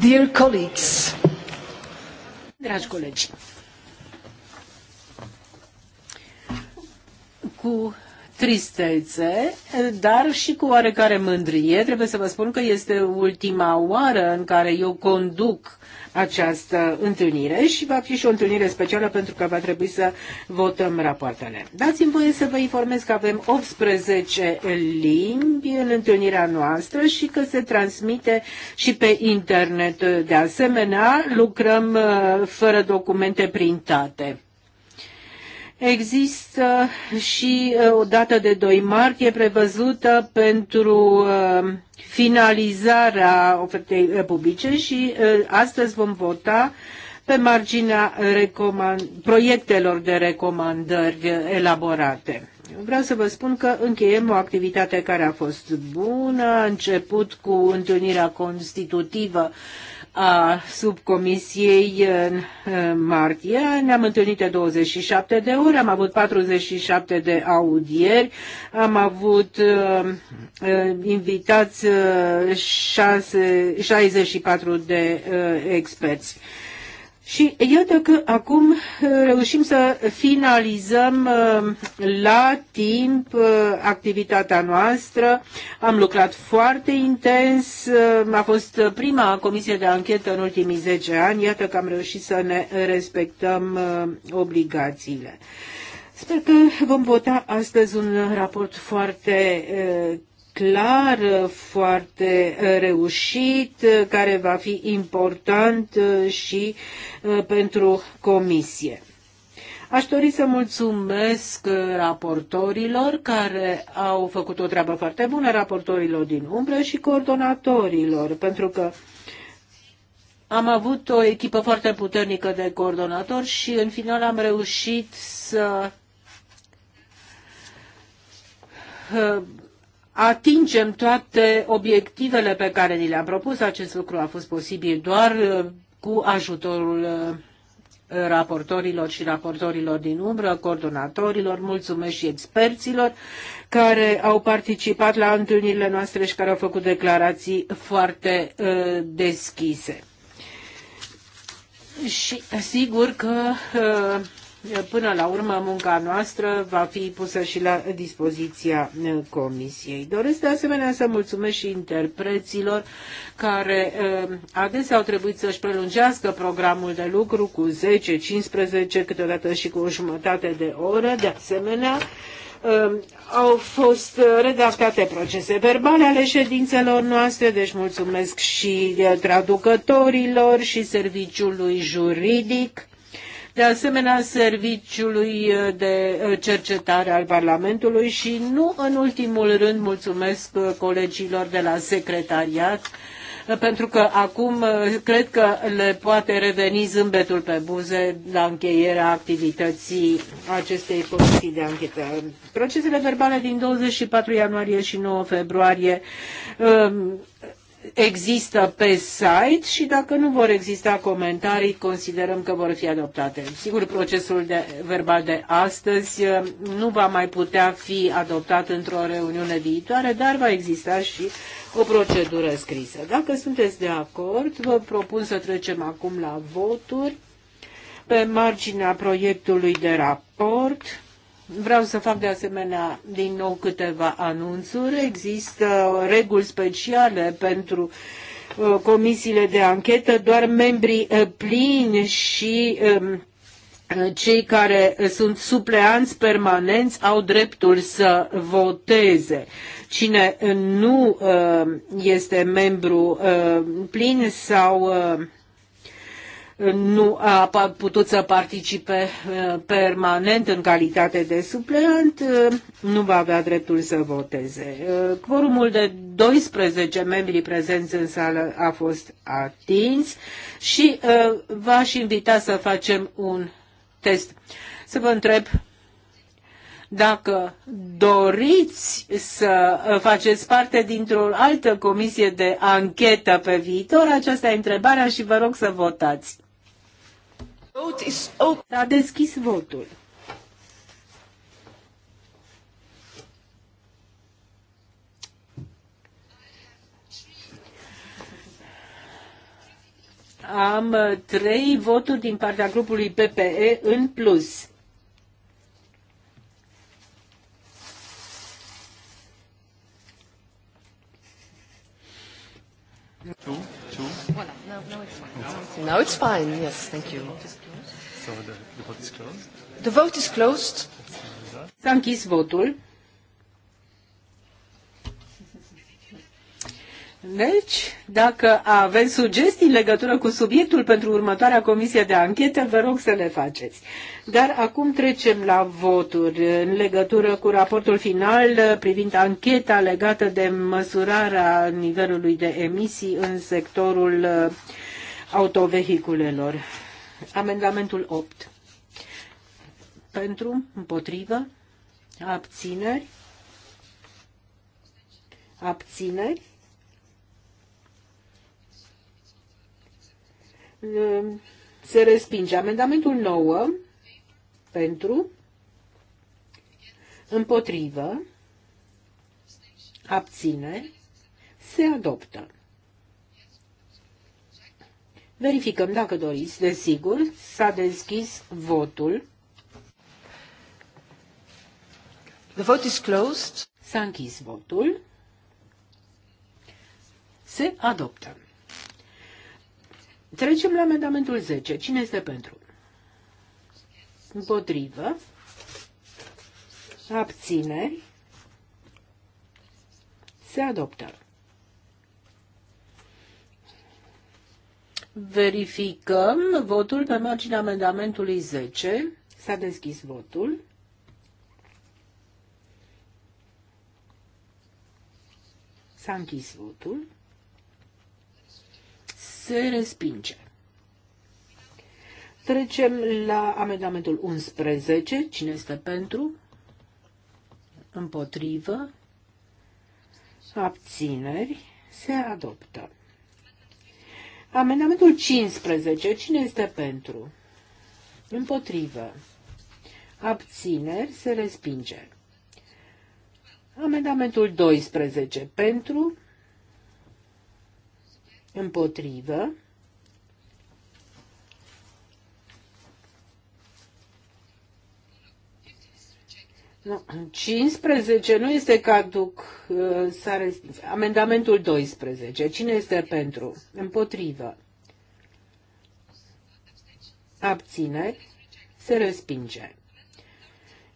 Dear colleagues, dragi colegi, cu tristețe, dar și cu oarecare mândrie, trebuie să vă spun că este ultima oară în care eu conduc această întâlnire și va fi și o întâlnire specială pentru că va trebui să votăm rapoartele. Dați-mi voie să vă informez că avem 18 limbi în întâlnirea noastră și că se transmite și pe internet. De asemenea, lucrăm uh, fără documente printate. Există și uh, o dată de 2 martie prevăzută pentru uh, finalizarea ofertei uh, publice și astăzi vom vota pe marginea proiectelor de recomandări elaborate. Vreau să vă spun că încheiem o activitate care a fost bună, a început cu întâlnirea constitutivă a subcomisiei în martie. Ne-am întâlnit de 27 de ore, am avut 47 de audieri, am avut uh, uh invitați uh, 6, 64 de uh, experți. Uh, și iată că acum uh, reușim să finalizăm uh, la timp uh, activitatea noastră. Am lucrat foarte intens. A fost prima comisie de anchetă în ultimii 10 ani. Iată că am reușit să ne respectăm obligațiile. Sper că vom vota astăzi un raport foarte clar, uh, foarte uh, reușit, uh, care va fi important și pentru comisie. Aș dori să mulțumesc raportorilor care au făcut o treabă foarte bună, raportorilor din umbră și coordonatorilor, pentru că am avut o echipă foarte puternică de coordonatori și în final am reușit să atingem toate obiectivele pe care ni le-am propus. Acest lucru a fost posibil doar uh, cu ajutorul uh, raportorilor și raportorilor din umbră, coordonatorilor, mulțumesc și experților care au participat la întâlnirile noastre și care au făcut declarații foarte uh, deschise. Și sigur că până la urmă munca noastră va fi pusă și la dispoziția Comisiei. Doresc de asemenea să mulțumesc și interpreților care adesea au trebuit să-și prelungească programul de lucru cu 10, 15, câteodată și cu o jumătate de oră. De asemenea, au fost redactate procese verbale ale ședințelor noastre, deci mulțumesc și traducătorilor și serviciului juridic de asemenea Serviciului uh, de uh, Cercetare al Parlamentului și nu în ultimul rând mulțumesc uh, colegilor de la secretariat pentru că acum cred că le poate reveni zâmbetul pe buze la încheierea activității acestei comisii de anchetă. Procesele verbale din 24 ianuarie și 9 februarie um, există pe site și dacă nu vor exista comentarii, considerăm că vor fi adoptate. Sigur, procesul de, verbal de astăzi uh, nu va mai putea fi adoptat într-o reuniune viitoare, dar va exista și o procedură scrisă. Dacă sunteți de acord, vă propun să trecem acum la voturi pe marginea proiectului de raport Vreau să fac de asemenea din nou câteva anunțuri. Există reguli speciale pentru uh, comisiile de anchetă, doar membrii uh, plini și um, cei care sunt supleanți permanenți au dreptul să voteze. Cine uh, nu este membru plin sau nu a putut să participe uh, permanent în calitate de supleant, uh, nu va avea dreptul să voteze. Uh, quorumul de 12 membri prezenți în sală a fost atins și v-aș invita să facem un test. Să vă întreb dacă doriți să faceți parte dintr-o altă comisie de anchetă pe viitor, aceasta e întrebarea și vă rog să votați. S-a deschis votul. Am uh, trei voturi din partea grupului PPE în plus. Two, two. it's fine. Now it's fine, yes, thank you. So the, the vote is closed. The vote is closed. S-a închis votul. Deci, dacă aveți sugestii în legătură cu subiectul pentru următoarea comisie de anchetă, vă rog să le faceți. Dar acum trecem la voturi în legătură cu raportul final privind ancheta legată de măsurarea nivelului de emisii în sectorul uh, autovehiculelor. Amendamentul 8. Pentru, împotrivă, abțineri, abțineri. Se respinge. Amendamentul 9. Pentru, împotrivă, abțineri, se adoptă. Verificăm dacă doriți, desigur, s-a deschis votul. The vote is closed. S-a închis votul. Se adoptă. Trecem la amendamentul 10. Cine este pentru? Împotrivă. Abțineri. Se adoptă. Verificăm votul pe marginea amendamentului 10. S-a deschis votul. S-a închis votul. Se respinge. Trecem la amendamentul 11. Cine este pentru? Împotrivă? Abțineri? Se adoptă. Amendamentul 15. Cine este pentru? Împotrivă. Abțineri se respinge. Amendamentul 12. Pentru. Împotrivă. Nu, 15 nu este caduc. Uh, Amendamentul 12. Cine este pentru? Împotrivă. Abțineri. Se respinge.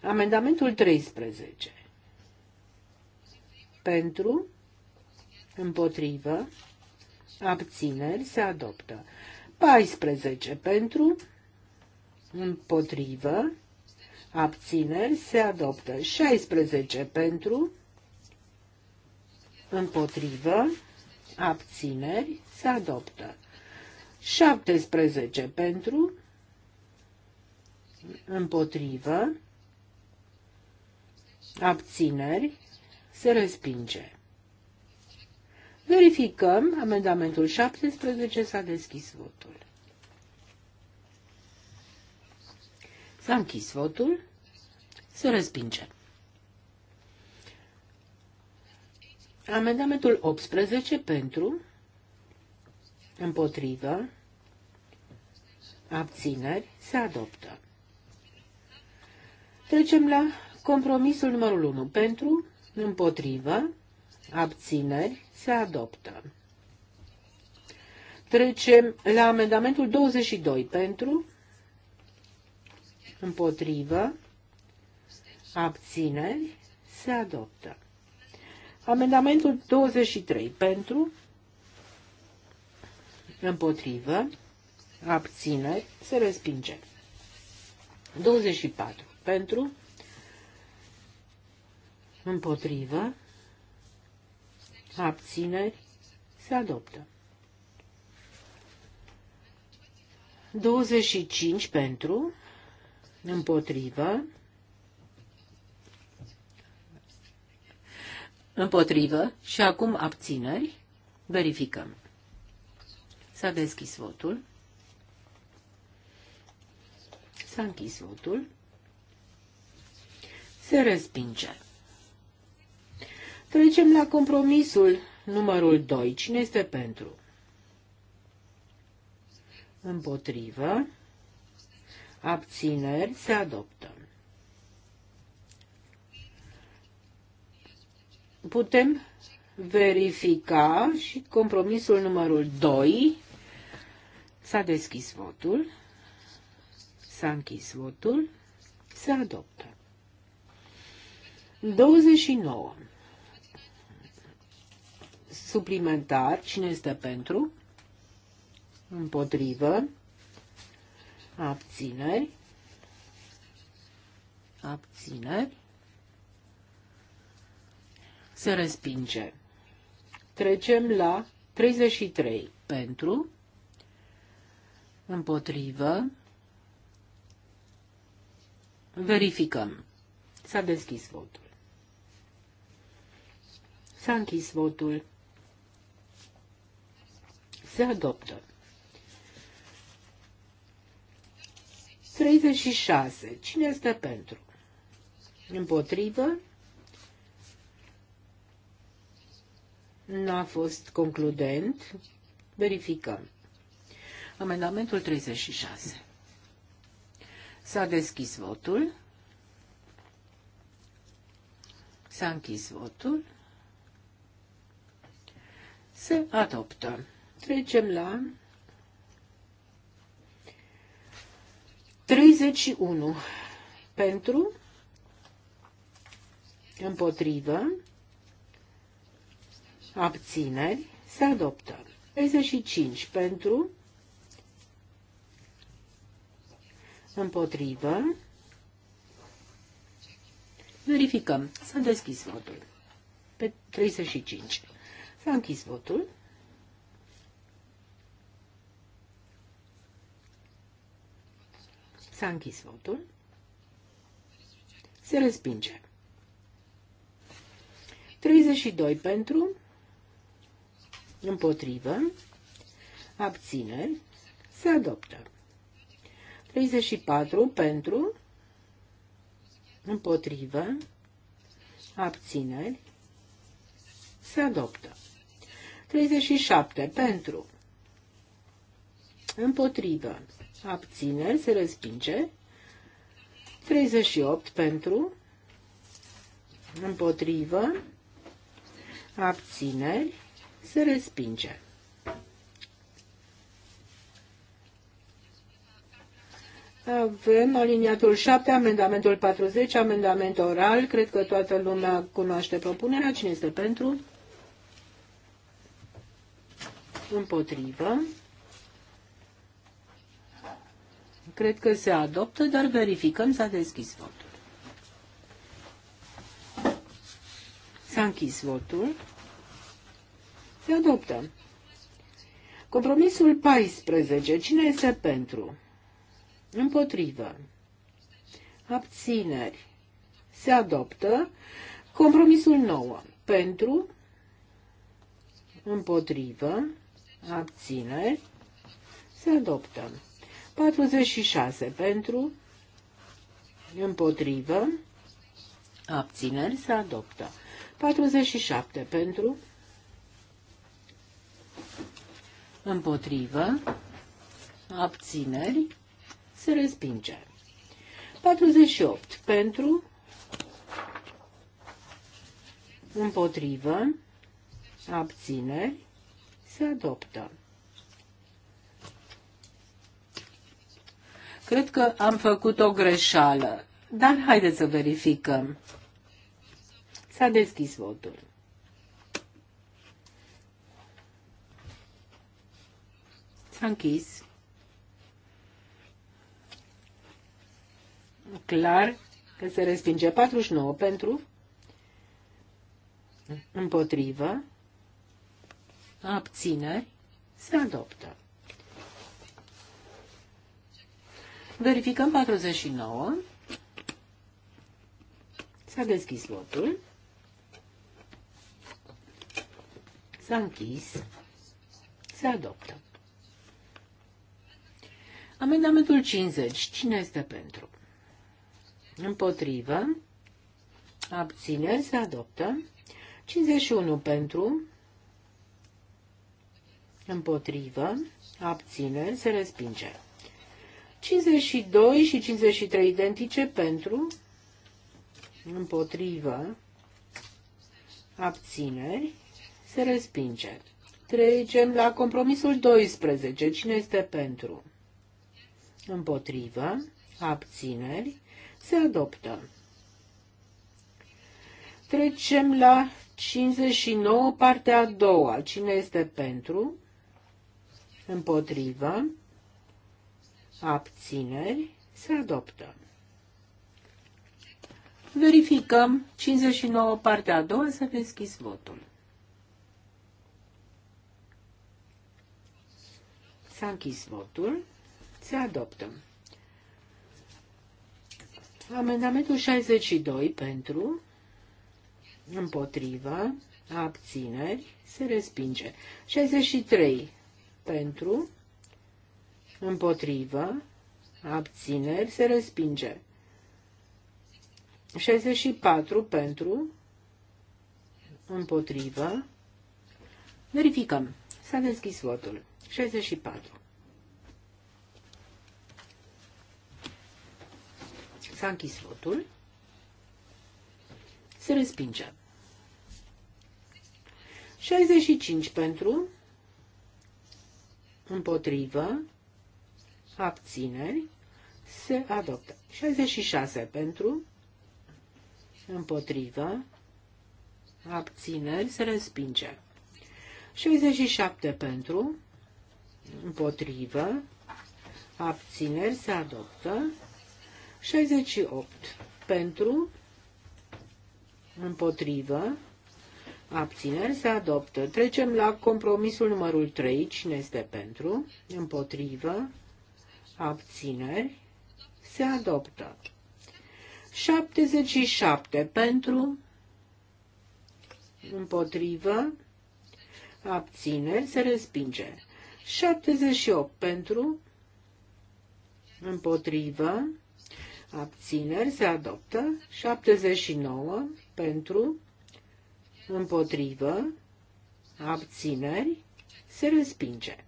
Amendamentul 13. Pentru. Împotrivă. Abțineri. Se adoptă. 14. Pentru. Împotrivă abțineri se adoptă. 16 pentru, împotrivă, abțineri se adoptă. 17 pentru, împotrivă, abțineri se respinge. Verificăm amendamentul 17, s-a deschis votul. S-a închis votul. Se respinge. Amendamentul 18 pentru, împotrivă, abțineri, se adoptă. Trecem la compromisul numărul 1. Pentru, împotrivă, abțineri, se adoptă. Trecem la amendamentul 22. Pentru, împotrivă, abțineri, se adoptă. Amendamentul 23 pentru, împotrivă, abțineri, se respinge. 24 pentru, împotrivă, abțineri, se adoptă. 25 pentru, împotrivă, împotrivă și acum abțineri, verificăm. S-a deschis votul. S-a închis votul. Se respinge. Trecem la compromisul numărul 2. Cine este pentru? Împotrivă abțineri, se adoptă. Putem verifica și compromisul numărul 2. S-a deschis votul, s-a închis votul, se adoptă. 29. Suplimentar, cine este pentru? Împotrivă, abțineri, abțineri, se respinge. Trecem la 33 pentru, împotrivă, verificăm. S-a deschis votul. S-a închis votul. Se adoptă. 36. Cine este pentru? Împotrivă? N-a fost concludent. Verificăm. Amendamentul 36. S-a deschis votul. S-a închis votul. Se adoptă. Trecem la 31 pentru, împotrivă, abțineri, se adoptă. 35 pentru, împotrivă, verificăm, s-a deschis votul pe 35. S-a închis votul. S-a închis votul. Se respinge. 32 pentru, împotrivă, abțineri, se adoptă. 34 pentru, împotrivă, abțineri, se adoptă. 37 pentru, împotrivă, abțineri, se respinge. 38 pentru, împotrivă, abțineri, se respinge. Avem aliniatul 7, amendamentul 40, amendament oral. Cred că toată lumea cunoaște propunerea. Cine este pentru? Împotrivă. Cred că se adoptă, dar verificăm. S-a deschis votul. S-a închis votul. Se adoptă. Compromisul 14. Cine este pentru? Împotrivă. Abțineri. Se adoptă. Compromisul 9. Pentru. Împotrivă. Abțineri. Se adoptă. 46 pentru, împotrivă, abțineri se adoptă. 47 pentru, împotrivă, abțineri se respinge. 48 pentru, împotrivă, abțineri se adoptă. Cred că am făcut o greșeală, dar haideți să verificăm. S-a deschis votul. S-a închis. Clar că se respinge 49 pentru, împotrivă, abține, se adoptă. Verificăm 49. S-a deschis lotul. S-a închis. Se adoptă. Amendamentul 50. Cine este pentru? Împotrivă. Abțineri. Se adoptă. 51 pentru. Împotrivă. Abțineri. Se respinge. 52 și 53 identice pentru, împotrivă, abțineri, se respinge. Trecem la compromisul 12. Cine este pentru? Împotrivă, abțineri, se adoptă. Trecem la 59, partea a doua. Cine este pentru? Împotrivă, abțineri, se adoptă. Verificăm 59 partea a doua, să deschis votul. S-a închis votul, se adoptă. Amendamentul 62 pentru, împotrivă, abțineri, se respinge. 63 pentru, împotrivă, abțineri, se respinge. 64 pentru, împotrivă, verificăm, s-a deschis votul. 64. S-a închis votul. Se respinge. 65 pentru, împotrivă, abțineri, se adoptă. 66 pentru, împotrivă, abțineri, se respinge. 67 pentru, împotrivă, abțineri, se adoptă. 68 pentru, împotrivă, Abțineri se adoptă. Trecem la compromisul numărul 3. Cine este pentru? Împotrivă abțineri, se adoptă. 77 pentru, împotrivă, abțineri, se respinge. 78 pentru, împotrivă, abțineri, se adoptă. 79 pentru, împotrivă, abțineri, se respinge.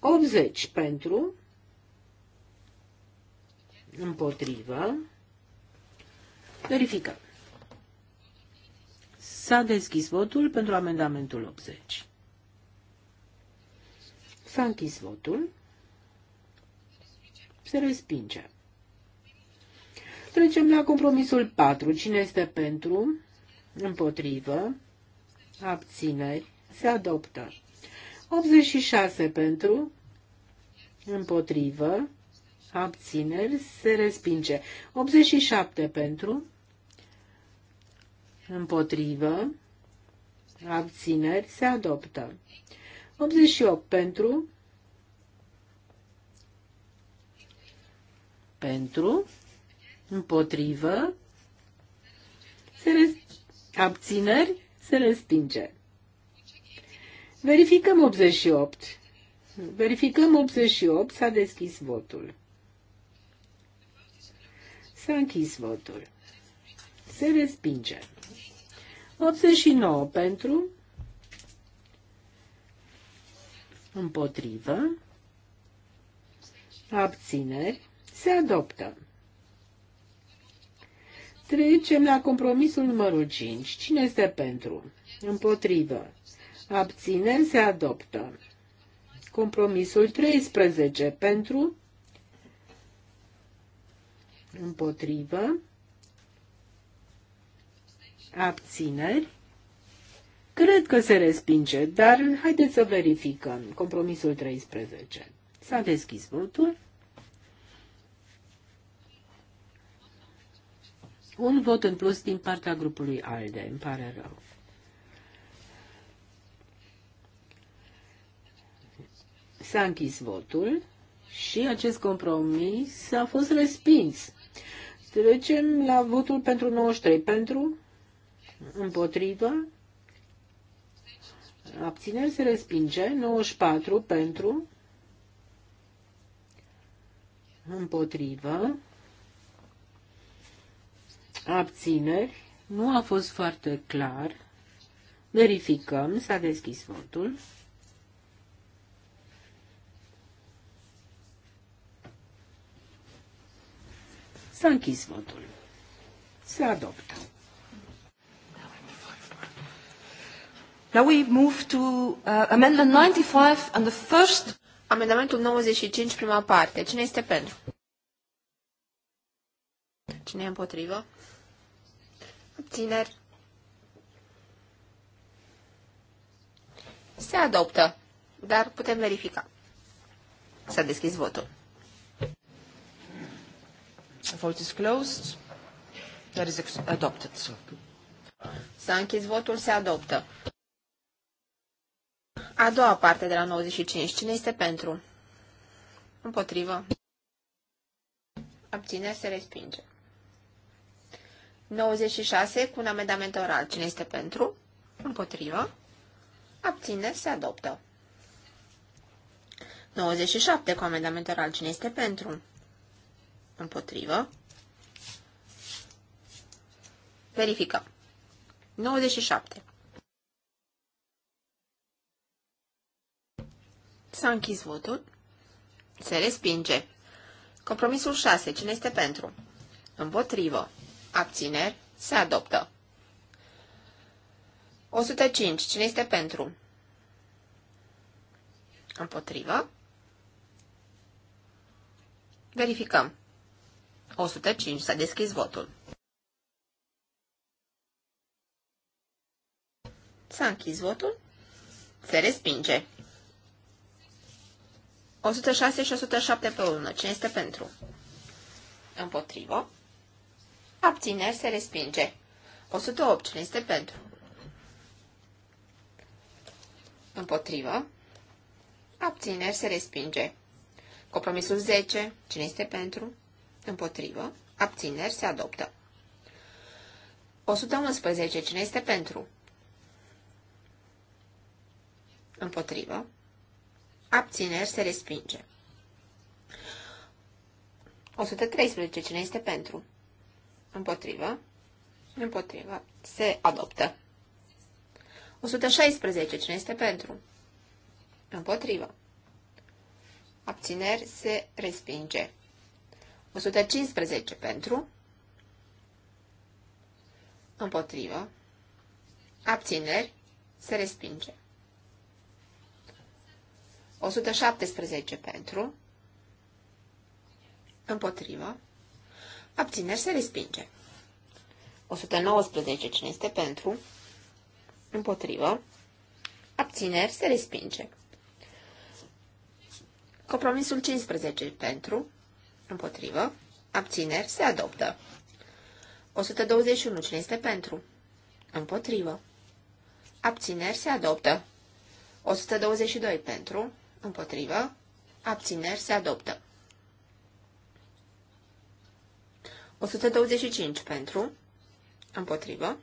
80 pentru, împotrivă, verificăm. S-a deschis votul pentru amendamentul 80. S-a închis votul. Se respinge. Trecem la compromisul 4. Cine este pentru? Împotrivă. Abțineri. Se adoptă. 86 pentru, împotrivă, abțineri, se respinge. 87 pentru, împotrivă, abțineri, se adoptă. 88 pentru, pentru, împotrivă, se abțineri, se respinge. Verificăm 88. Verificăm 88, s-a deschis votul. S-a închis votul. Se respinge. 89 pentru, împotrivă, abțineri, se adoptă. Trecem la compromisul numărul 5. Cine este pentru? Împotrivă abțineri, se adoptă. Compromisul 13 pentru, împotrivă, abțineri, Cred că se respinge, dar haideți să verificăm. Compromisul 13. S-a deschis votul. Un vot în plus din partea grupului ALDE, îmi pare rău. S-a închis votul și acest compromis a fost respins. Trecem la votul pentru 93. Pentru? Împotrivă? Abțineri se respinge. 94 pentru? Împotrivă? Abțineri? Nu a fost foarte clar. Verificăm. S-a deschis votul. S-a închis votul. Se adoptă. Now we move to uh, amendment 95 and the first Amendamentul 95, prima parte. Cine este pentru? Cine e împotrivă? Abțineri. Se adoptă, dar putem verifica. S-a deschis votul. The vote is closed. That is adopted. S-a închis votul, se adoptă. A doua parte de la 95. Cine este pentru? Împotrivă. Abțineri se respinge. 96 cu un amendament oral. Cine este pentru? Împotrivă. Abțineri se adoptă. 97 cu amendament oral. Cine este pentru? Împotrivă. Verificăm. 97. S-a închis votul. Se respinge. Compromisul 6. Cine este pentru? Împotrivă. Abțineri. Se adoptă. 105. Cine este pentru? Împotrivă. Verificăm. 105. S-a deschis votul. S-a închis votul. Se respinge. 106 și 107 pe 1. Cine este pentru? Împotrivă. Abțineri se respinge. 108. Cine este pentru? Împotrivă. Abțineri se respinge. Compromisul 10. Cine este pentru? Împotrivă. Abțineri se adoptă. 111. Cine este pentru? Împotrivă. Abțineri se respinge. 113. Cine este pentru? Împotrivă. Împotrivă. Se adoptă. 116. Cine este pentru? Împotrivă. Abțineri se respinge. 115 pentru, împotrivă, abțineri, se respinge. 117 pentru, împotrivă, abțineri, se respinge. 119 cine este pentru, împotrivă, abțineri, se respinge. Compromisul 15 pentru, Împotrivă. Abțineri. Se adoptă. 121. Cine este pentru? Împotrivă. Abțineri. Se adoptă. 122. Pentru. Împotrivă. Abțineri. Se adoptă. 125. Pentru. Împotrivă.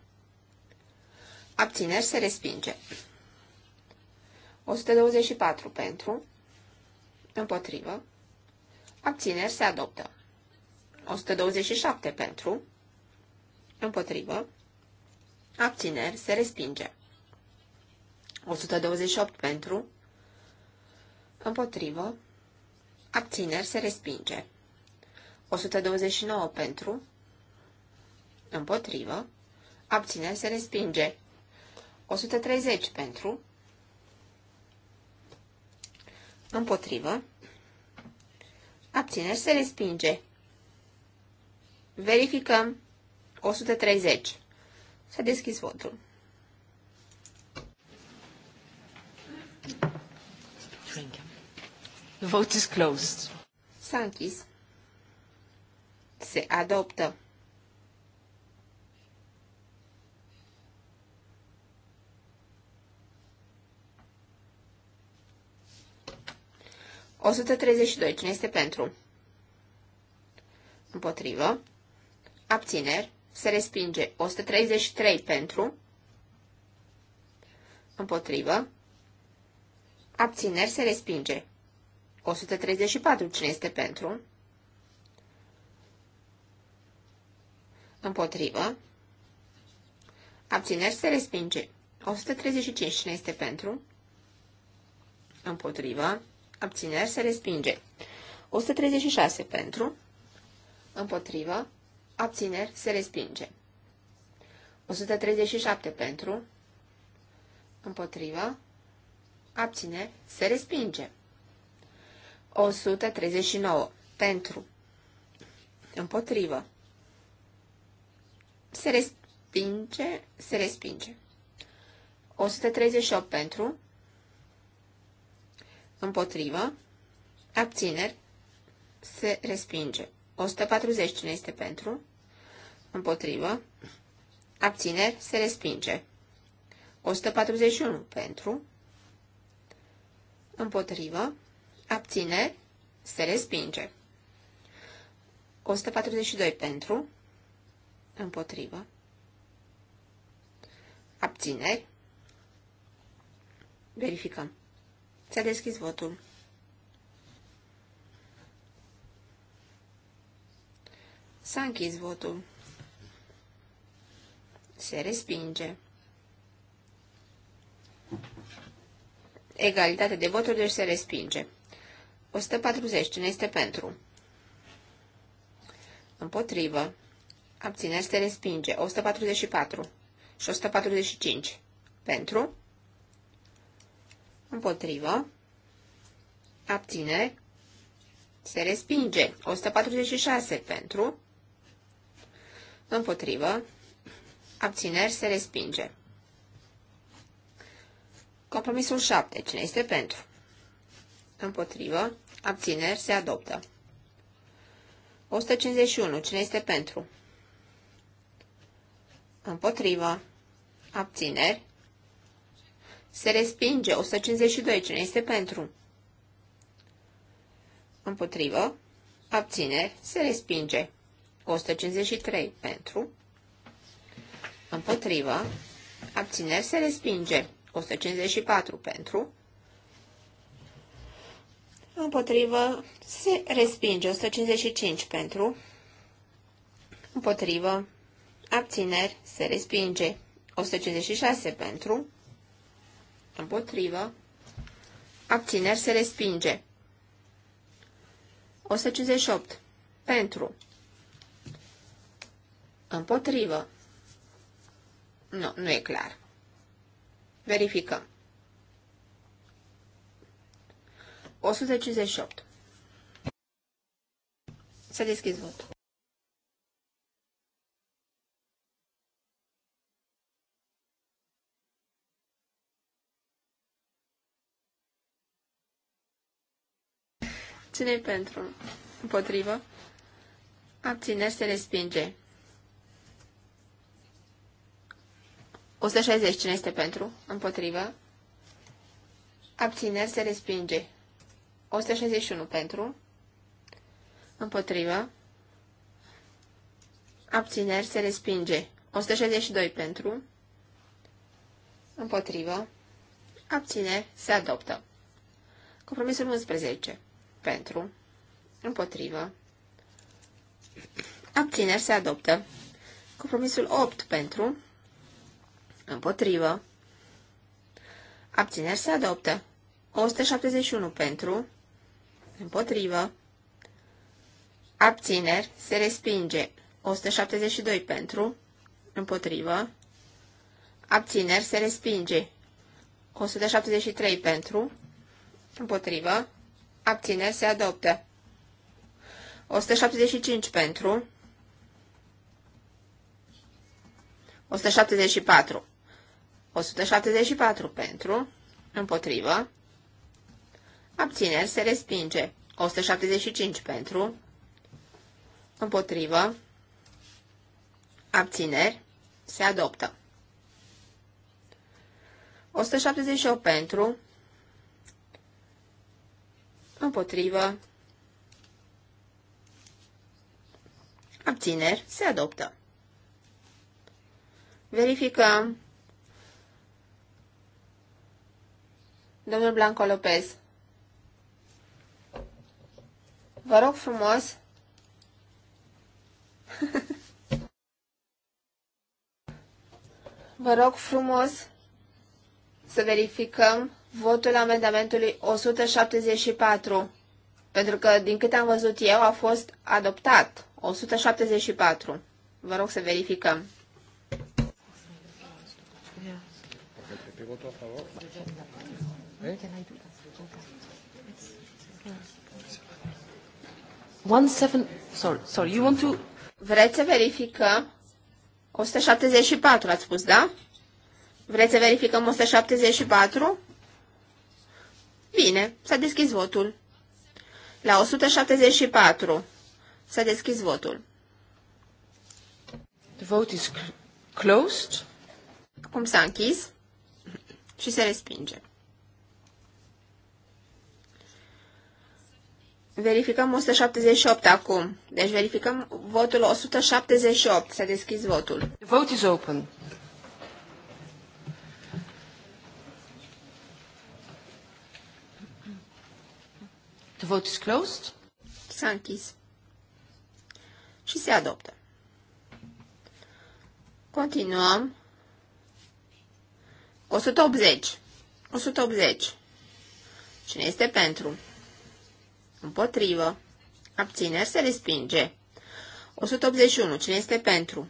Abțineri. Se respinge. 124. Pentru. Împotrivă. Abțineri se adoptă. 127 pentru. Împotrivă. Abțineri se respinge. 128 pentru. Împotrivă. Abțineri se respinge. 129 pentru. Împotrivă. Abțineri se respinge. 130 pentru. Împotrivă. Abțineri se respinge. Verificăm. 130. S-a deschis votul. The vote is closed. S-a închis. Se adoptă. 132. Cine este pentru? Împotrivă. Abțineri. Se respinge. 133 pentru. Împotrivă. Abțineri se respinge. 134. Cine este pentru? Împotrivă. Abțineri se respinge. 135. Cine este pentru? Împotrivă abțineri, se respinge. 136 pentru, împotrivă, abțineri, se respinge. 137 pentru, împotrivă, abțineri, se respinge. 139 pentru, împotrivă, se respinge, se respinge. 138 pentru, Împotrivă. Abțineri. Se respinge. 140. Cine este pentru? Împotrivă. Abțineri. Se respinge. 141. Pentru. Împotrivă. Abțineri. Se respinge. 142. Pentru. Împotrivă. Abțineri. Verificăm ți a deschis votul. S-a închis votul. Se respinge. Egalitate de voturi, deci se respinge. 140. Cine este pentru? Împotrivă. Abțineri se respinge. 144 și 145. Pentru împotrivă, abțineri, se respinge. 146 pentru, împotrivă, abțineri, se respinge. Compromisul 7. Cine este pentru? Împotrivă, abțineri, se adoptă. 151. Cine este pentru? Împotrivă. Abțineri. Se respinge. 152. Cine este pentru? Împotrivă. Abțineri. Se respinge. 153. Pentru. Împotrivă. Abțineri. Se respinge. 154. Pentru. Împotrivă. Se respinge. 155. Pentru. Împotrivă. Abțineri. Se respinge. 156. Pentru. Împotrivă. Abțineri se respinge. 158. Pentru. Împotrivă. Nu, nu e clar. Verificăm. 158. Să deschizi votul. cine pentru? Împotrivă. Abțineri se respinge. 160. Cine este pentru? Împotrivă. Abțineri se respinge. 161 pentru. Împotrivă. Abțineri se respinge. 162 pentru. Împotrivă. Abțineri se adoptă. Compromisul 11 pentru, împotrivă, abțineri se adoptă. Compromisul 8 pentru, împotrivă, abțineri se adoptă. 171 pentru, împotrivă, abțineri se respinge. 172 pentru, împotrivă, abțineri se respinge. 173 pentru, împotrivă, Abține, se adoptă. 175 pentru. 174. 174 pentru, împotrivă, Abține, se respinge, 175 pentru, împotrivă, abțineri se adoptă, 178 pentru, Împotrivă. Abțineri. Se adoptă. Verificăm. Domnul Blanco Lopez. Vă rog frumos. Vă rog frumos să verificăm votul amendamentului 174, pentru că, din câte am văzut eu, a fost adoptat 174. Vă rog să verificăm. One seven, sorry, sorry, you want to... Vreți să verificăm? 174 ați spus, da? Vreți să verificăm 174? Bine, s-a deschis votul. La 174 s-a deschis votul. The vote is closed. Acum s-a închis și se respinge. Verificăm 178 acum. Deci verificăm votul 178. S-a deschis votul. The vote is open. The vote is closed. S-a închis. Și se adoptă. Continuăm. 180. 180. Cine este pentru? Împotrivă. Abțineri se respinge. 181. Cine este pentru?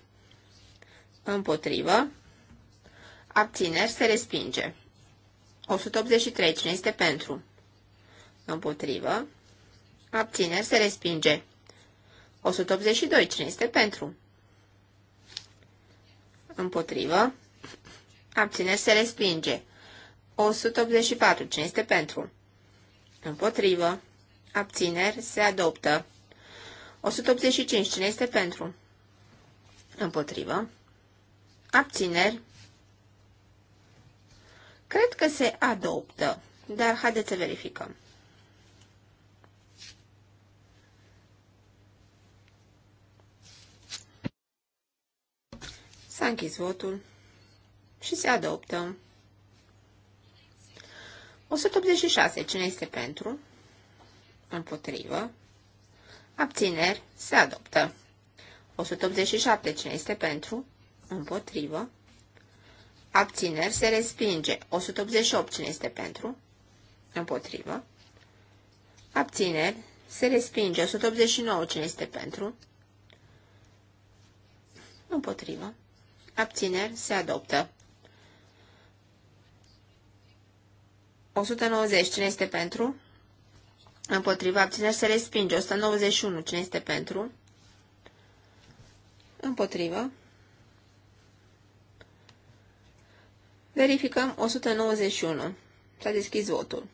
Împotrivă. Abțineri se respinge. 183. Cine este pentru? Împotrivă. Abțineri se respinge. 182. Cine este pentru? Împotrivă. Abțineri se respinge. 184. Cine este pentru? Împotrivă. Abțineri se adoptă. 185. Cine este pentru? Împotrivă. Abțineri. Cred că se adoptă, dar haideți să verificăm. S-a închis votul și se adoptă. 186. Cine este pentru? Împotrivă. Abțineri. Se adoptă. 187. Cine este pentru? Împotrivă. Abțineri. Se respinge. 188. Cine este pentru? Împotrivă. Abțineri. Se respinge. 189. Cine este pentru? Împotrivă abțineri, se adoptă. 190. Cine este pentru? Împotriva abțineri se respinge. 191. Cine este pentru? Împotrivă. Verificăm 191. S-a deschis votul.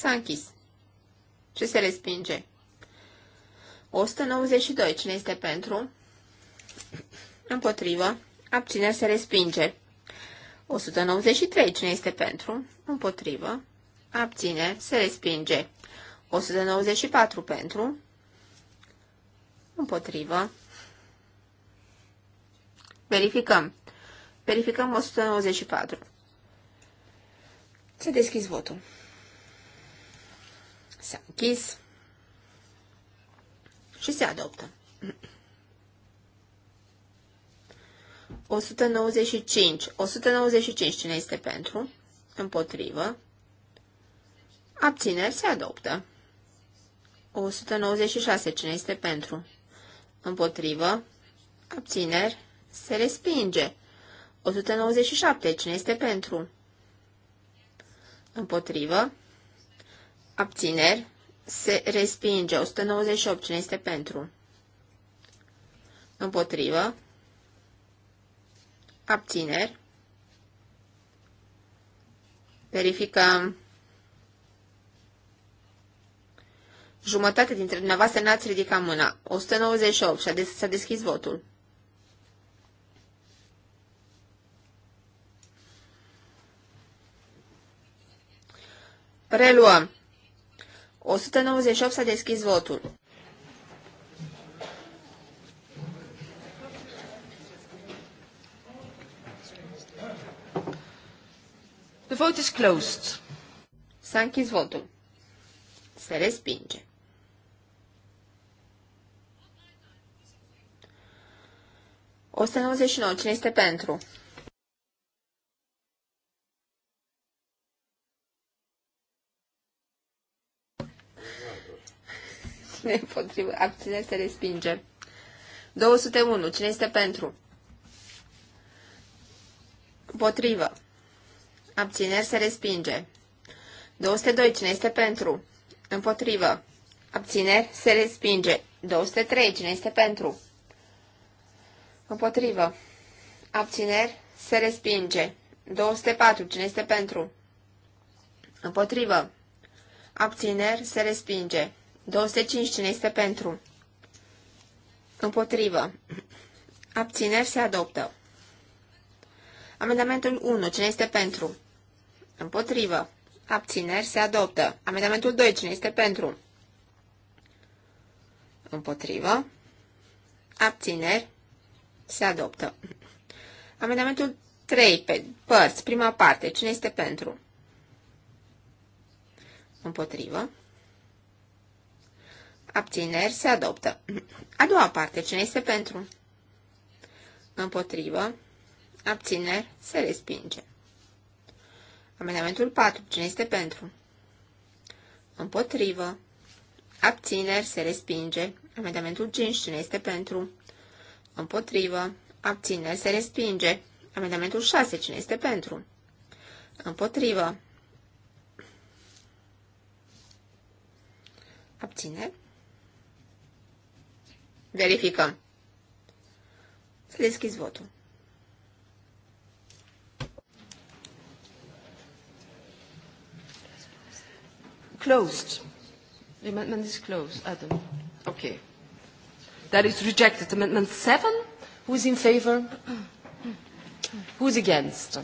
S-a închis. Ce se respinge. 192. Cine este pentru? Împotrivă. Abțineri se respinge. 193. Cine este pentru? Împotrivă. Abține, se respinge. 194 pentru. Împotrivă. Verificăm. Verificăm 194. Se deschis votul. S-a închis și se adoptă. 195. 195 cine este pentru? Împotrivă. Abțineri se adoptă. 196 cine este pentru? Împotrivă. Abțineri se respinge. 197 cine este pentru? Împotrivă abțineri, se respinge. 198, cine este pentru? Împotrivă, abțineri, verificăm. Jumătate dintre dumneavoastră n-ați ridicat mâna. 198 și s-a deschis votul. Reluăm. 198 s-a deschis votul. The vote is closed. S-a închis votul. Se respinge. O 199. Cine este pentru? abține, potrivă. abține, se respinge. 201. Cine este pentru? potrivă. Abțineri se respinge. 202. Cine este pentru? Împotrivă. Abțineri se respinge. 203. Cine este pentru? Împotrivă. Abțineri se respinge. 204. Cine este pentru? Împotrivă. Abțineri se respinge. 205. Cine este pentru? Împotrivă. Abțineri se adoptă. Amendamentul 1. Cine este pentru? Împotrivă. Abțineri se adoptă. Amendamentul 2. Cine este pentru? Împotrivă. Abțineri se adoptă. Amendamentul 3. Pe părți. Prima parte. Cine este pentru? Împotrivă. Abțineri se adoptă. A doua parte, cine este pentru? Împotrivă. Abțineri se respinge. Amendamentul 4. Cine este pentru? Împotrivă. Abțineri se respinge. Amendamentul 5. Cine este pentru? Împotrivă. Abțineri se respinge. Amendamentul 6. Cine este pentru? Împotrivă. Abțineri Verificăm. Să deschizi votul. Closed. The amendment is closed, Adam. Okay. That is rejected. Amendment 7. Who is in favor? Who is against?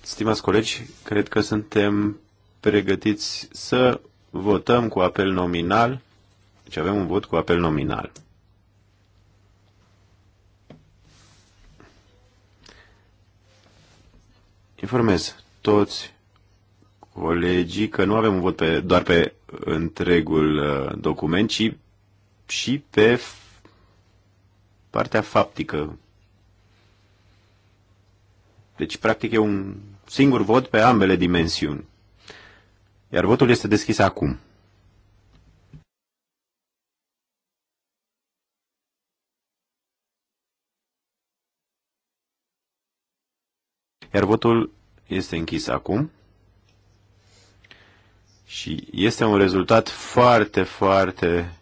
Stimați colegi, cred că suntem pregătiți să votăm cu apel nominal. Deci avem un vot cu apel nominal. Informez toți colegii că nu avem un vot pe, doar pe întregul uh, document, ci și pe partea faptică deci, practic, e un singur vot pe ambele dimensiuni. Iar votul este deschis acum. Iar votul este închis acum. Și este un rezultat foarte, foarte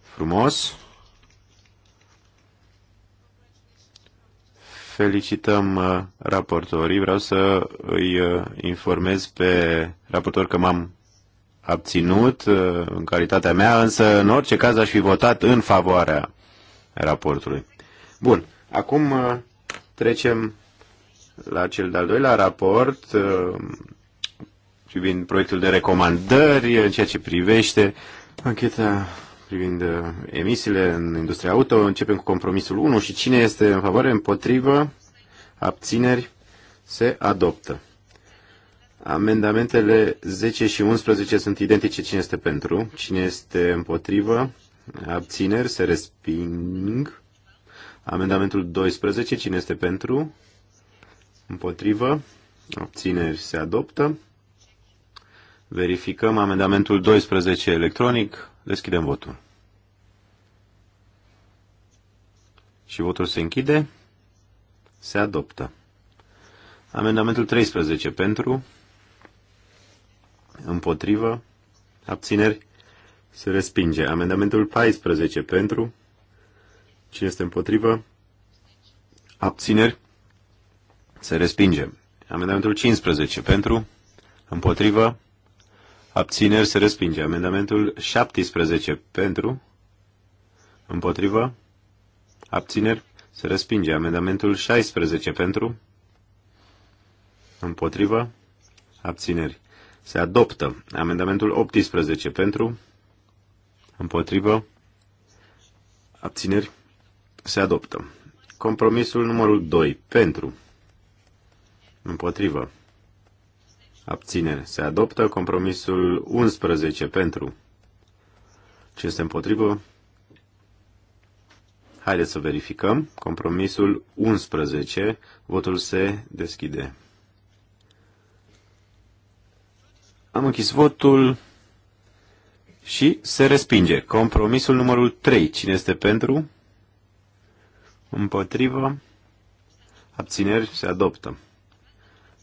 frumos. felicităm uh, raportorii. Vreau să îi uh, informez pe raportor că m-am abținut uh, în calitatea mea, însă în orice caz aș fi votat în favoarea raportului. Bun, acum trecem la cel de-al doilea raport privind proiectul de recomandări în ceea ce privește ancheta privind uh, emisiile în industria auto. Începem cu compromisul 1 și cine este în favoare, împotrivă, abțineri, se adoptă. Amendamentele 10 și 11 sunt identice cine este pentru, cine este împotrivă, abțineri, se resping. Amendamentul 12, cine este pentru, împotrivă, abțineri, se adoptă. Verificăm amendamentul 12 electronic. Deschidem votul. Și votul se închide. Se adoptă. Amendamentul 13 pentru, împotrivă, abțineri, se respinge. Amendamentul 14 pentru, cine este împotrivă, abțineri, se respinge. Amendamentul 15 pentru, împotrivă, Abțineri se respinge. Amendamentul 17 pentru. Împotrivă. Abțineri se respinge. Amendamentul 16 pentru. Împotrivă. Abțineri. Se adoptă. Amendamentul 18 pentru. Împotrivă. Abțineri. Se adoptă. Compromisul numărul 2 pentru. Împotrivă abțineri se adoptă. Compromisul 11 pentru. Ce este împotrivă? Haideți să verificăm. Compromisul 11. Votul se deschide. Am închis votul și se respinge. Compromisul numărul 3. Cine este pentru? Împotrivă. Abțineri se adoptă.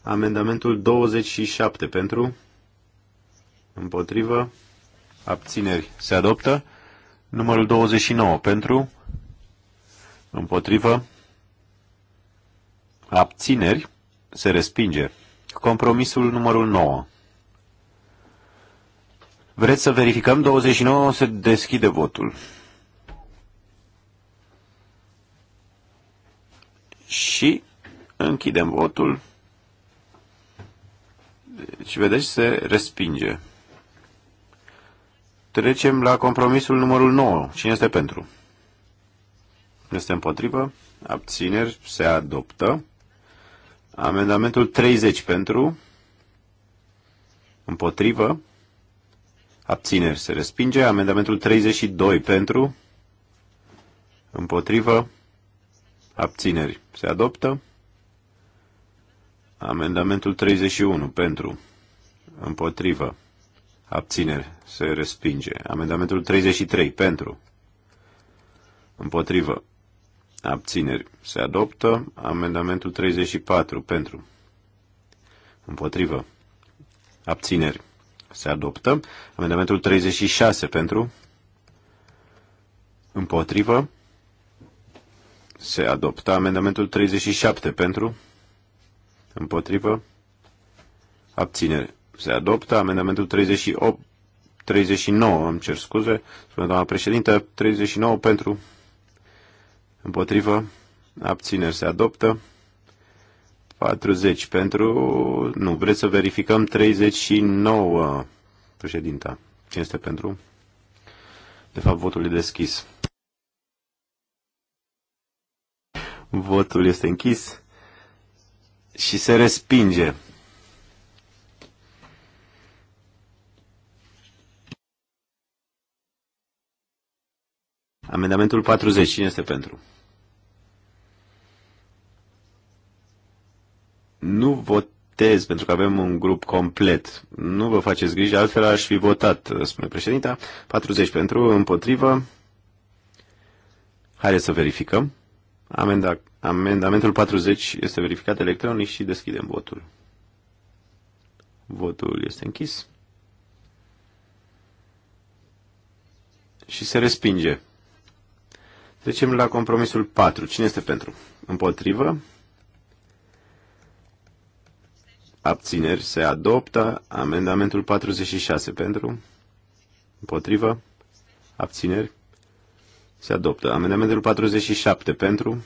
Amendamentul 27 pentru, împotrivă, abțineri se adoptă. Numărul 29 pentru, împotrivă, abțineri se respinge. Compromisul numărul 9. Vreți să verificăm? 29 se deschide votul. Și închidem votul ci vedeți, se respinge. Trecem la compromisul numărul 9. Cine este pentru? Este împotrivă? Abțineri? Se adoptă. Amendamentul 30 pentru? Împotrivă? Abțineri? Se respinge. Amendamentul 32 pentru? Împotrivă? Abțineri? Se adoptă. Amendamentul 31 pentru, împotrivă, abțineri, se respinge. Amendamentul 33 pentru, împotrivă, abțineri, se adoptă. Amendamentul 34 pentru, împotrivă, abțineri, se adoptă. Amendamentul 36 pentru, împotrivă, se adoptă. Amendamentul 37 pentru, Împotrivă. Abținere. Se adoptă amendamentul 38, 39, îmi cer scuze, spune doamna președintă, 39 pentru, împotrivă, abținere se adoptă, 40 pentru, nu, vreți să verificăm 39, președinta, cine este pentru? De fapt, votul e deschis. Votul este închis și se respinge. Amendamentul 40. Cine este pentru? Nu votez, pentru că avem un grup complet. Nu vă faceți griji, altfel aș fi votat, spune președinta. 40 pentru, împotrivă. Haideți să verificăm. Amendamentul. Amendamentul 40 este verificat electronic și deschidem votul. Votul este închis. Și se respinge. Trecem la compromisul 4. Cine este pentru? Împotrivă? Abțineri se adoptă. Amendamentul 46 pentru. Împotrivă. Abțineri se adoptă. Amendamentul 47 pentru.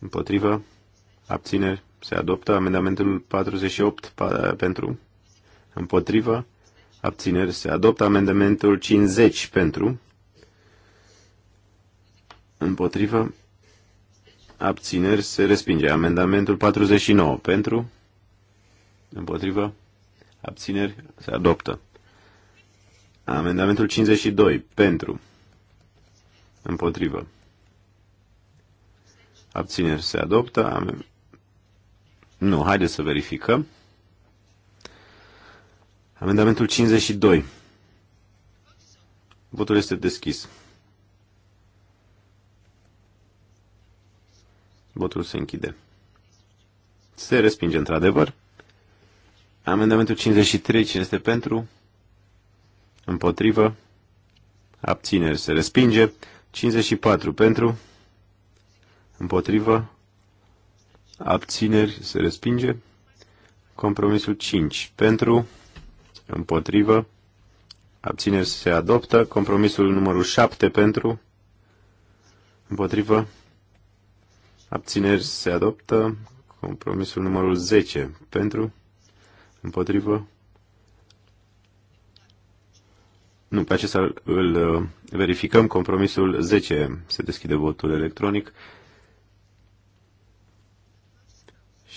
Împotrivă. Abțineri. Se adoptă amendamentul 48 pentru. Împotrivă. Abțineri. Se adoptă amendamentul 50 pentru. Împotrivă. Abțineri. Se respinge. Amendamentul 49 pentru. Împotrivă. Abțineri. Se adoptă. Amendamentul 52 pentru. Împotrivă. Abțineri se adoptă. Nu, haideți să verificăm. Amendamentul 52. Votul este deschis. Votul se închide. Se respinge într-adevăr. Amendamentul 53, cine este pentru? Împotrivă. Abțineri se respinge. 54 pentru împotrivă, abțineri, se respinge. Compromisul 5, pentru, împotrivă, abțineri, se adoptă. Compromisul numărul 7, pentru, împotrivă, abțineri, se adoptă. Compromisul numărul 10, pentru, împotrivă, Nu, pe acesta îl uh, verificăm. Compromisul 10 se deschide votul electronic.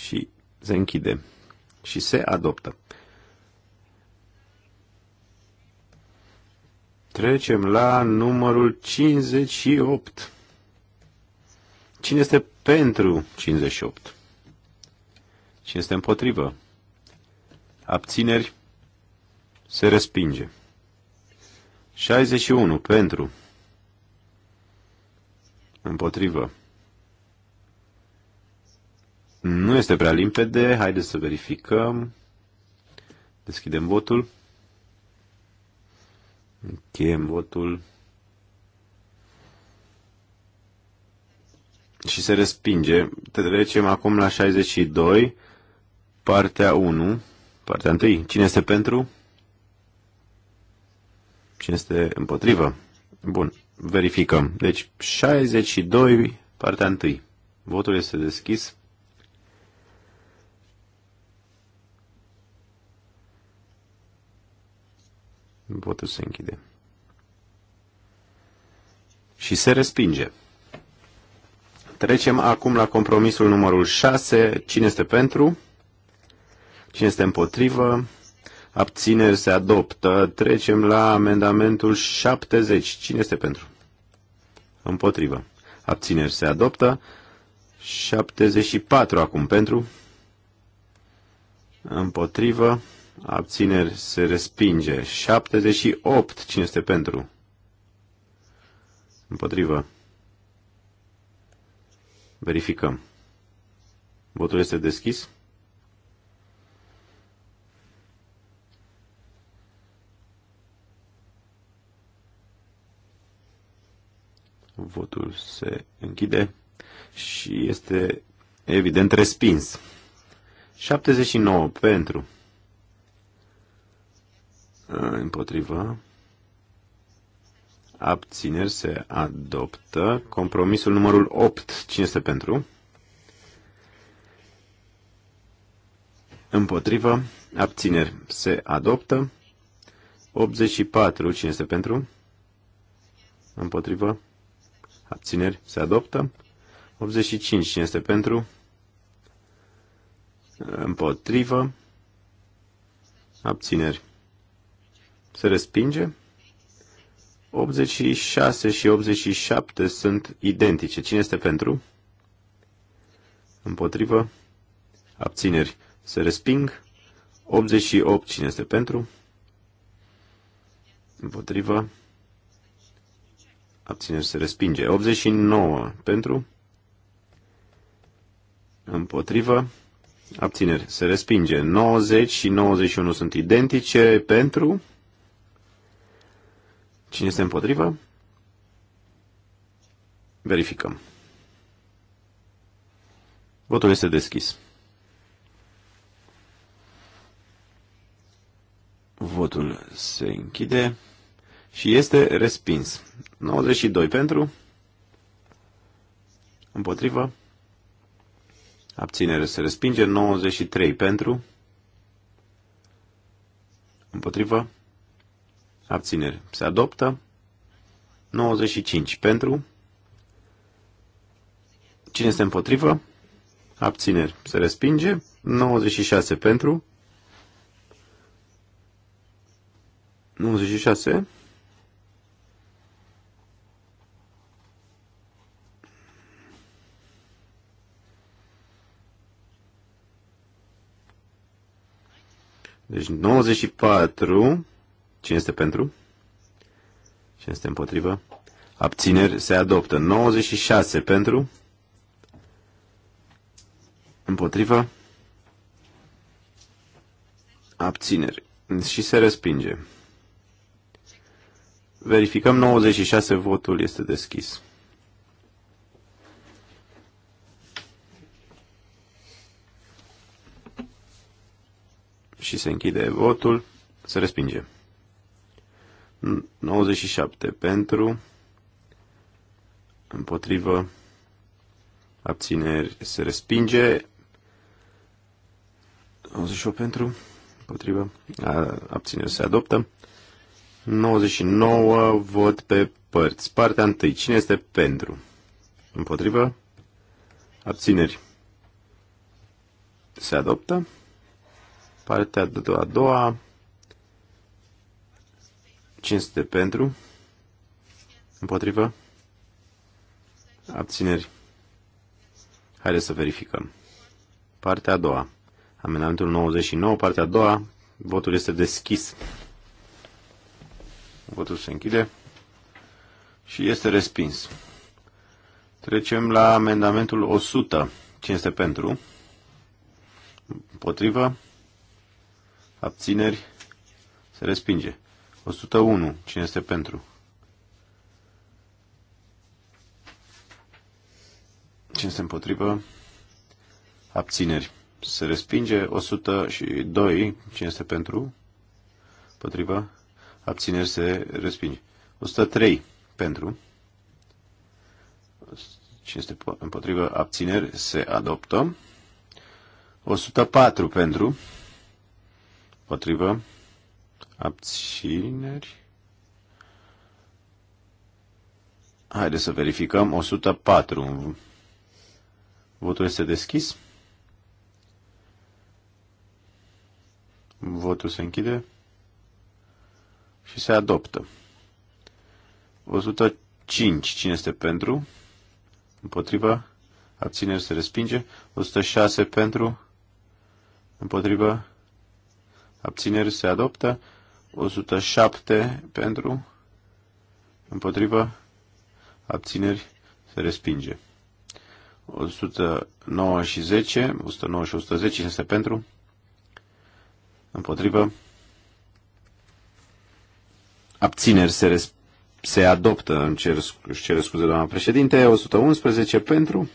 și se închide și se adoptă. Trecem la numărul 58. Cine este pentru 58? Cine este împotrivă? Abțineri? Se respinge. 61 pentru. Împotrivă. Nu este prea limpede. Haideți să verificăm. Deschidem votul. Încheiem votul. Și se respinge. Trecem acum la 62, partea 1, partea 1. Cine este pentru? Cine este împotrivă? Bun, verificăm. Deci 62, partea 1. Votul este deschis. Votul se închide. Și se respinge. Trecem acum la compromisul numărul 6. Cine este pentru? Cine este împotrivă? Abțineri se adoptă. Trecem la amendamentul 70. Cine este pentru? Împotrivă. Abțineri se adoptă. 74 acum pentru. Împotrivă abțineri se respinge. 78, cine este pentru? Împotrivă. Verificăm. Votul este deschis. Votul se închide și este evident respins. 79 pentru. Uh, împotrivă, abțineri se adoptă. Compromisul numărul 8, cine este pentru? Împotrivă, abțineri se adoptă. 84, cine este pentru? Împotrivă, abțineri se adoptă. 85, cine este pentru? Împotrivă, abțineri se respinge. 86 și 87 sunt identice. Cine este pentru? Împotrivă. Abțineri. Se resping. 88. Cine este pentru? Împotrivă. Abțineri. Se respinge. 89. Pentru? Împotrivă. Abțineri. Se respinge. 90 și 91 sunt identice. Pentru? Cine este împotrivă? Verificăm. Votul este deschis. Votul se închide și este respins. 92 pentru, împotrivă, abținere se respinge, 93 pentru, împotrivă, abțineri se adoptă. 95 pentru, cine este împotrivă, abțineri se respinge. 96 pentru, 96 Deci 94 Cine este pentru? Cine este împotrivă? Abțineri se adoptă. 96 pentru. Împotrivă. Abțineri. Și se respinge. Verificăm 96, votul este deschis. Și se închide votul. Se respinge. 97 pentru, împotrivă, abțineri se respinge, 98 pentru, împotrivă, abțineri se adoptă, 99 vot pe părți. Partea 1. Cine este pentru? Împotrivă? Abțineri. Se adoptă. Partea a doua, a doua 500 pentru, împotrivă, abțineri. Haideți să verificăm. Partea a doua. Amendamentul 99, partea a doua. Votul este deschis. Votul se închide și este respins. Trecem la amendamentul 100. 500 pentru. Împotrivă. Abțineri. Se respinge. 101. Cine este pentru? Cine este împotrivă? Abțineri. Se respinge 102. Cine este pentru? Împotrivă? Abțineri se respinge. 103 pentru. Cine este împotrivă? Abțineri se adoptă. 104 pentru. Potrivă abțineri. Haideți să verificăm. 104. Votul este deschis. Votul se închide și se adoptă. 105. Cine este pentru? Împotriva? Abțineri se respinge. 106 pentru? Împotriva? Abțineri se adoptă. 107 pentru, împotrivă, abțineri, se respinge. 109 și 10, 109 și 110 este pentru, împotrivă, abțineri se, res- se adoptă, îmi cer, își cere scuze doamna președinte, 111 pentru,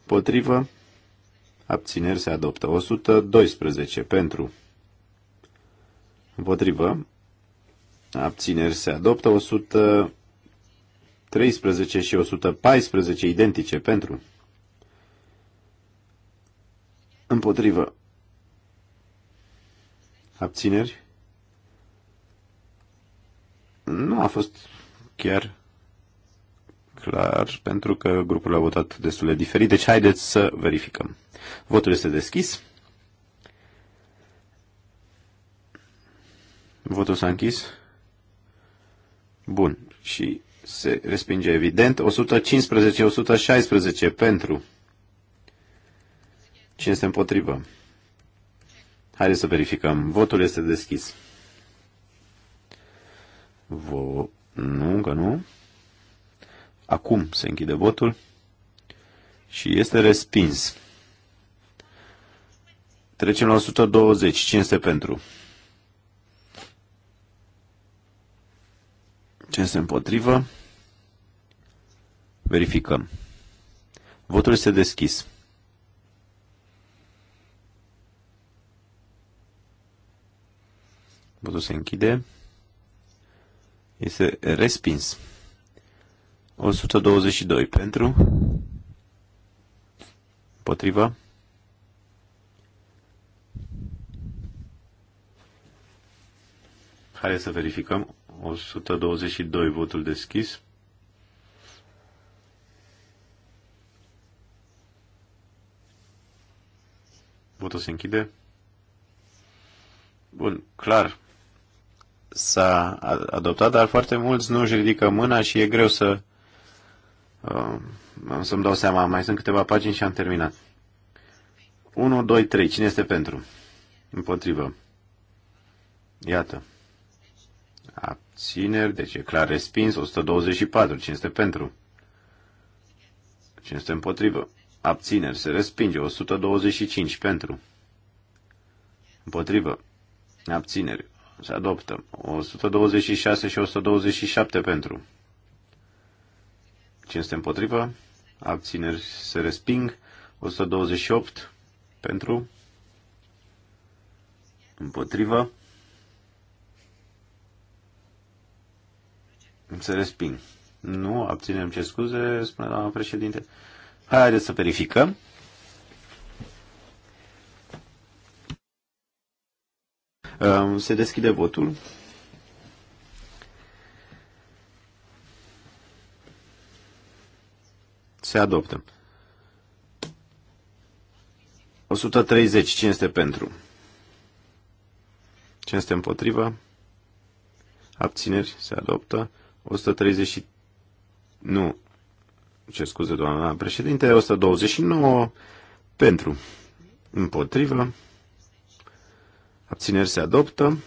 împotrivă, abțineri se adoptă, 112 pentru, Împotrivă. Abțineri se adoptă 113 și 114 identice pentru. Împotrivă. Abțineri. Nu a fost chiar clar, pentru că grupul a votat destul de diferit. Deci haideți să verificăm. Votul este deschis. Votul s-a închis. Bun. Și se respinge evident. 115-116 pentru. Cine este împotrivă? Haideți să verificăm. Votul este deschis. Vo... Nu, că nu. Acum se închide votul și este respins. Trecem la 120. este pentru. Ce este împotrivă? Verificăm. Votul este deschis. Votul se închide. Este respins. 122 pentru. Împotrivă. Hai să verificăm. 122, votul deschis. Votul se închide. Bun, clar, s-a adoptat, dar foarte mulți nu își ridică mâna și e greu să... Uh, să-mi dau seama, mai sunt câteva pagini și am terminat. 1, 2, 3. Cine este pentru? Împotrivă. Iată abțineri, deci e clar respins, 124, cine este pentru, cine este împotrivă, abțineri, se respinge, 125 pentru, împotrivă, abțineri, se adoptă, 126 și 127 pentru, cine este împotrivă, abțineri, se resping, 128 pentru, împotrivă, Se resping. Nu, abținem ce scuze, spune doamna președinte. Haideți să verificăm. Se deschide votul. Se adoptă. 130. Cine este pentru? Cine este împotrivă? Abțineri. Se adoptă. 130 nu, ce scuze doamna președinte, 129 pentru, împotrivă, abțineri se adoptă,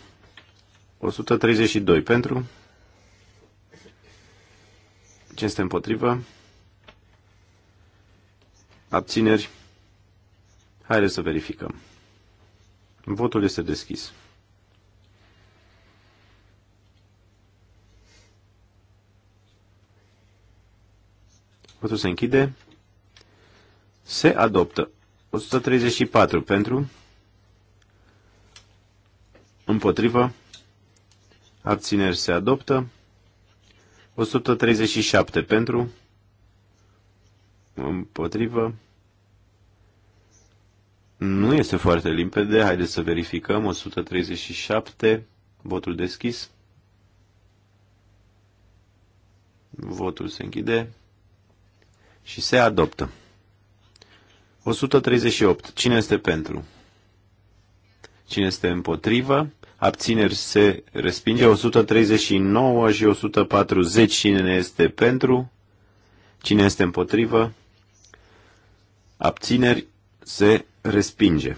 132 pentru, ce este împotrivă, abțineri, haideți să verificăm. Votul este deschis. Votul se închide. Se adoptă. 134 pentru. Împotrivă. Abțineri se adoptă. 137 pentru. Împotrivă. Nu este foarte limpede. Haideți să verificăm. 137. Votul deschis. Votul se închide și se adoptă. 138. Cine este pentru? Cine este împotrivă? Abțineri se respinge. 139 și 140. Cine este pentru? Cine este împotrivă? Abțineri se respinge.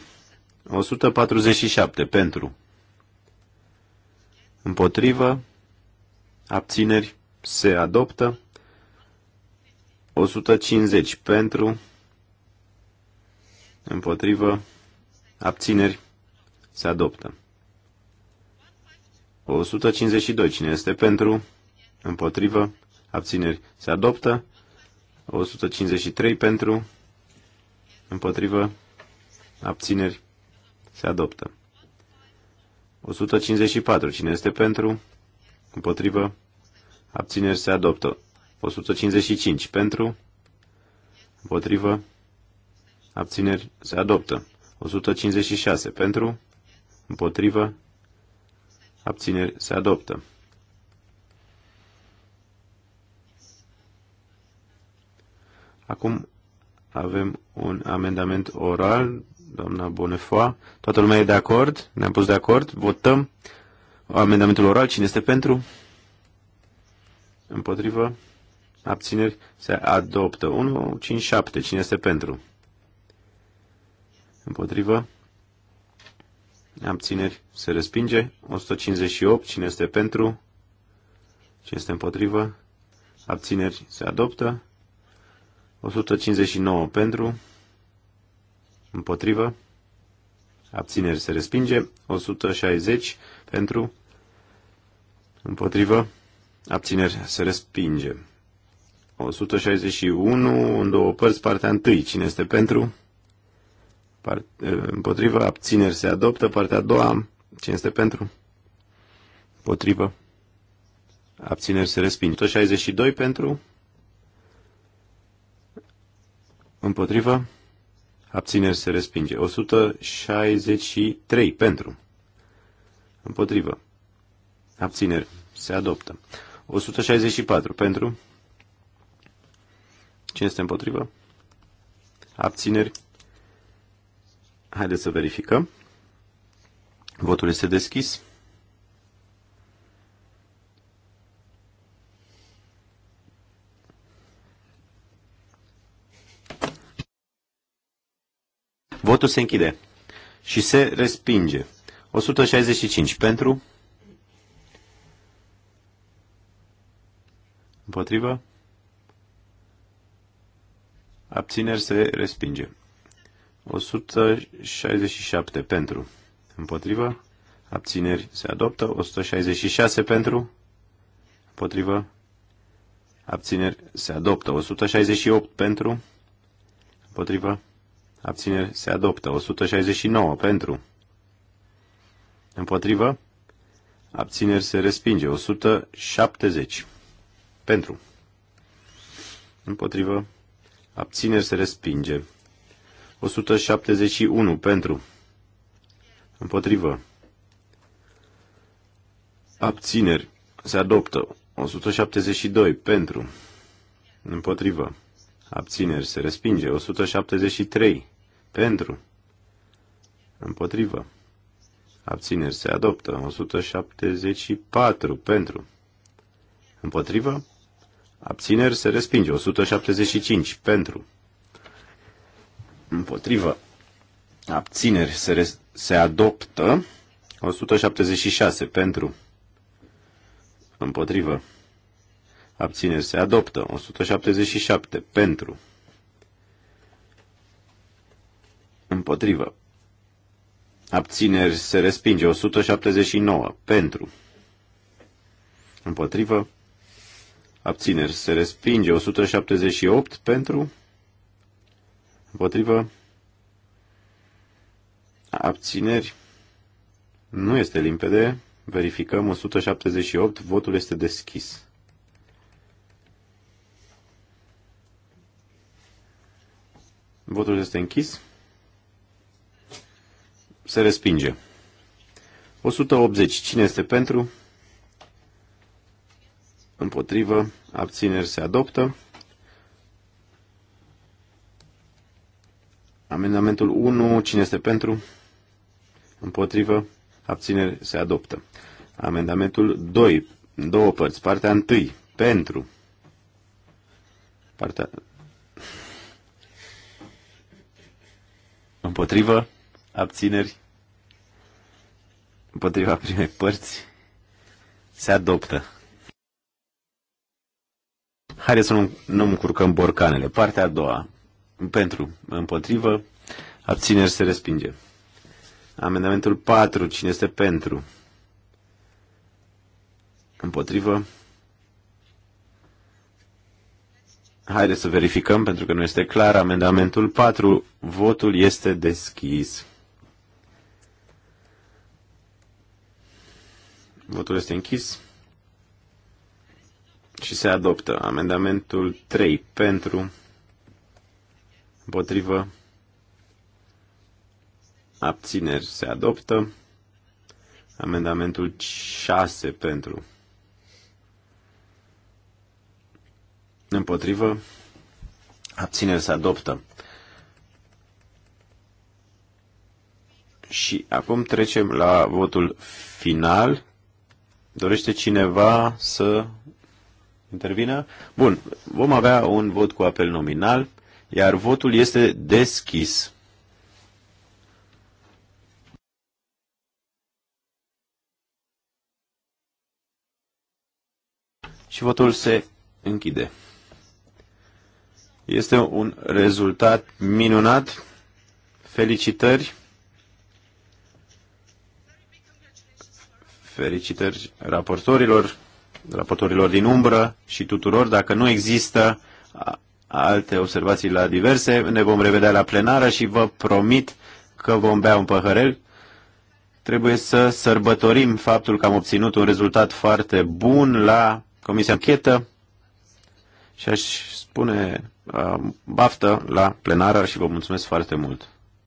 147. Pentru. Împotrivă. Abțineri se adoptă. 150 pentru, împotrivă, abțineri, se adoptă. 152. Cine este pentru, împotrivă, abțineri, se adoptă. 153 pentru, împotrivă, abțineri, se adoptă. 154. Cine este pentru, împotrivă, abțineri, se adoptă. 155 pentru, împotrivă, abțineri, se adoptă. 156 pentru, împotrivă, abțineri, se adoptă. Acum avem un amendament oral, doamna Bonefoa. Toată lumea e de acord? Ne-am pus de acord? Votăm amendamentul oral. Cine este pentru? Împotrivă? abțineri, se adoptă. 1, 5, 7. Cine este pentru? Împotrivă, abțineri, se respinge. 158. Cine este pentru? Cine este împotrivă? Abțineri, se adoptă. 159 pentru, împotrivă, abțineri se respinge, 160 pentru, împotrivă, abțineri se respinge. 161 în două părți, partea întâi. Cine este pentru? Part, eh, împotrivă, abțineri se adoptă. Partea a doua, cine este pentru? Împotrivă. Abțineri se respinge. 162 pentru? Împotrivă. Abțineri se respinge. 163 pentru. Împotrivă. Abțineri se adoptă. 164 pentru. Cine este împotrivă? Abțineri? Haideți să verificăm. Votul este deschis. Votul se închide și se respinge. 165 pentru. Împotrivă. Abțineri se respinge. 167 pentru. Împotrivă. Abțineri se adoptă. 166 pentru. Împotrivă. Abțineri se adoptă. 168 pentru. Împotrivă. Abțineri se adoptă. 169 pentru. Împotrivă. Abțineri se respinge. 170 pentru. Împotrivă. Abțineri se respinge. 171 pentru. Împotrivă. Abțineri se adoptă. 172 pentru. Împotrivă. Abțineri se respinge. 173 pentru. Împotrivă. Abțineri se adoptă. 174 pentru. Împotrivă. Abțineri se respinge. 175 pentru. Împotrivă. Abțineri se, se adoptă. 176 pentru. Împotrivă. Abțineri se adoptă. 177 pentru. Împotrivă. Abțineri se respinge. 179 pentru. Împotrivă abțineri se respinge. 178 pentru, împotrivă, abțineri nu este limpede. Verificăm 178, votul este deschis. Votul este închis. Se respinge. 180. Cine este pentru? împotrivă, abțineri se adoptă. Amendamentul 1, cine este pentru? Împotrivă, abțineri se adoptă. Amendamentul 2, două părți, partea 1, pentru. Partea... Împotrivă, abțineri, împotriva primei părți, se adoptă. Haideți să nu, nu încurcăm borcanele. Partea a doua. Pentru, împotrivă, abțineri se respinge. Amendamentul 4. Cine este pentru? Împotrivă. Haideți să verificăm, pentru că nu este clar. Amendamentul 4. Votul este deschis. Votul este închis și se adoptă. Amendamentul 3 pentru, împotrivă, abțineri se adoptă. Amendamentul 6 pentru, împotrivă, abțineri se adoptă. Și acum trecem la votul final. Dorește cineva să intervină? Bun, vom avea un vot cu apel nominal, iar votul este deschis. Și votul se închide. Este un rezultat minunat. Felicitări! Felicitări raportorilor! raportorilor din umbră și tuturor. Dacă nu există alte observații la diverse, ne vom revedea la plenară și vă promit că vom bea un păhărel. Trebuie să sărbătorim faptul că am obținut un rezultat foarte bun la Comisia Închetă și aș spune uh, baftă la plenară și vă mulțumesc foarte mult.